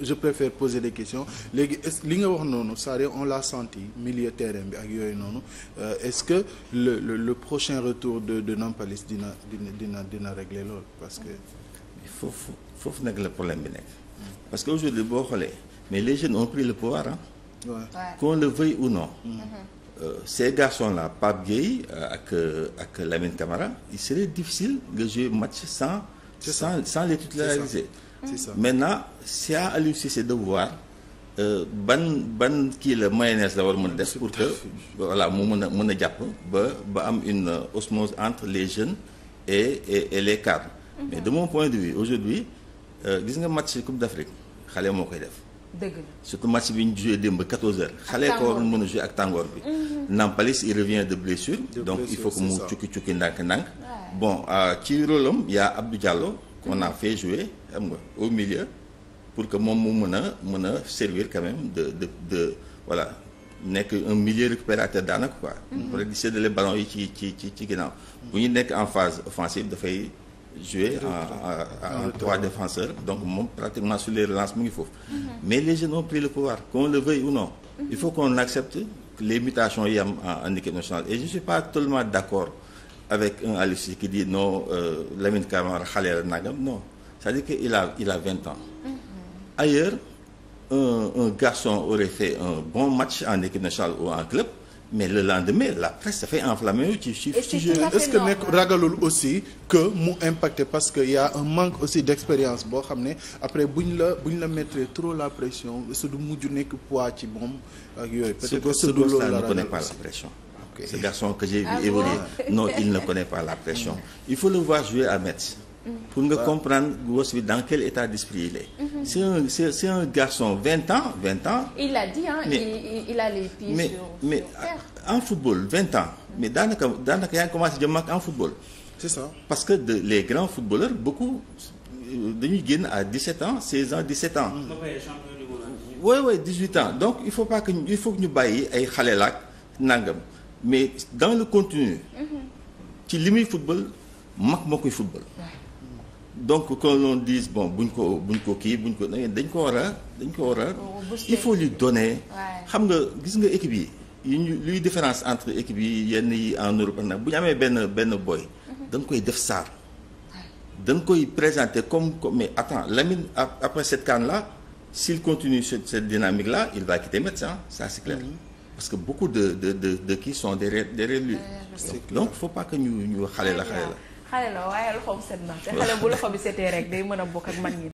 je préfère poser des questions léegi est ce li nga wax noonu cest à on l'a senti milieu terrain bi ak yooyu noonu euh, est ce que le le, le prochain retour de de Nampalis dina dina dina dina régler loolu parce que. foofu foofu nag la problème bi nekk. parce que aujourd'hui boo xoolee mais les jeunes ont pris le pouvoir ah. Ouais. qu'on le veuille ou non. Mm -hmm. Euh, ces garçons-là Pape Gueye euh, ak euh, ak Lamine Camara il serait difficile de jouer match sans sans sans les titulariser c'est ça maintenant c'est à Aliou Cissé de ban ban kii la mayonnaise la war mën a def pour que voilà mu mën a mën a jàpp ba ba am une euh, osmose entre les jeunes et et, et les cadres mhm. mais de mon point de vue aujourd'hui euh, gis nga match Coupe d'Afrique xale moo koy def dëgg la surtout match bi ñu joué démb 14h. xale ko waroon mën a joué ak tàngoor bi. Mhm. Nampalis il revient de blessure. De donc blessure, il faut que mu cukki cukki ndànk-ndànk. bon euh, ci rôle am y' a Abdou qu'on a fait jouer xam nga au milieu pour que moom mu mën a mën a servir quand de de de voilà nekk un milieu récupérateur daanaka quoi. peut être di séddale ballon yi ci ci ci ci ginnaaw. bu ñu nekk en phase offensive dafay. jouer en trois défenseurs donc moom pratiquement sur les relances mu ngi foofu. Mm-hmm. mais les jeunes ont pris le pouvoir qu'on le ou non. Mm-hmm. il faut qu'on accepte les mutations yi am en en équipe et je suis pas totalement d'accord avec un Aliou Cissé qui dit non euh, Lamine Camara xale la nagam non c'est-à-dire que a il a vingt ans. mm ailleurs un garçon aurait fait un bon match en équipe nationale ou en club mais le lendemain la presse dafay enflammé wu ci ci ci jeu. est-ce que nekk ragalul aussi que mu impacté parce que y a un manque aussi d'expérience boo xam ne après buñ la buñ la mettre trop la pression su du mujj nekk poids ci moom ak yooyu. peut-être que su du loolu la ragal ko n'est pas la okay. ce garçon que j'ai vu ah évoluer bon non il ne connaît pas la pression mm-hmm. il faut le voir jouer à Metz mm-hmm. pour nga comprendre gosse bi dans quel état d'esprit il est. Mm-hmm. c'est un c'est, c'est un garçon 20 ans 20 ans. mais, a en football 20 ans. mais daanaka daanaka yaa ngi commencé jëm ak en football. parce que de, les grands footballeurs beaucoup euh, dañuy génn à 17 ans 16 ans 17 ans. oui oui 18 ans donc il faut pas que il faut ñu bàyyi ay xale laak nangam. mais dans le contenu mm-hmm. ci li muy football mag moo koy football donc que l'on dise bon buñ ko buñ ko kii bu buñ ko dañ ko war a dañ ko war a oh, il faut lui donner xam nga gis nga équipe yi yu ñu luy différence entre équipe yi yenn yi en Europe nag bu ñu amee benn benn boy mm-hmm. dañ koy def saar dañ koy présenter comme comme mais attends Lamine après cette CAN là s'il continue cette dynamique la il va quitter médecin ça c'est clair mm-hmm. parce que beaucoup de de de de kii sont derrière derrière lui. donc faut pas que xale la xale la. xale la waaye loxoom set na te xale bu loxo bi setee rek day mën a bokk ak man yi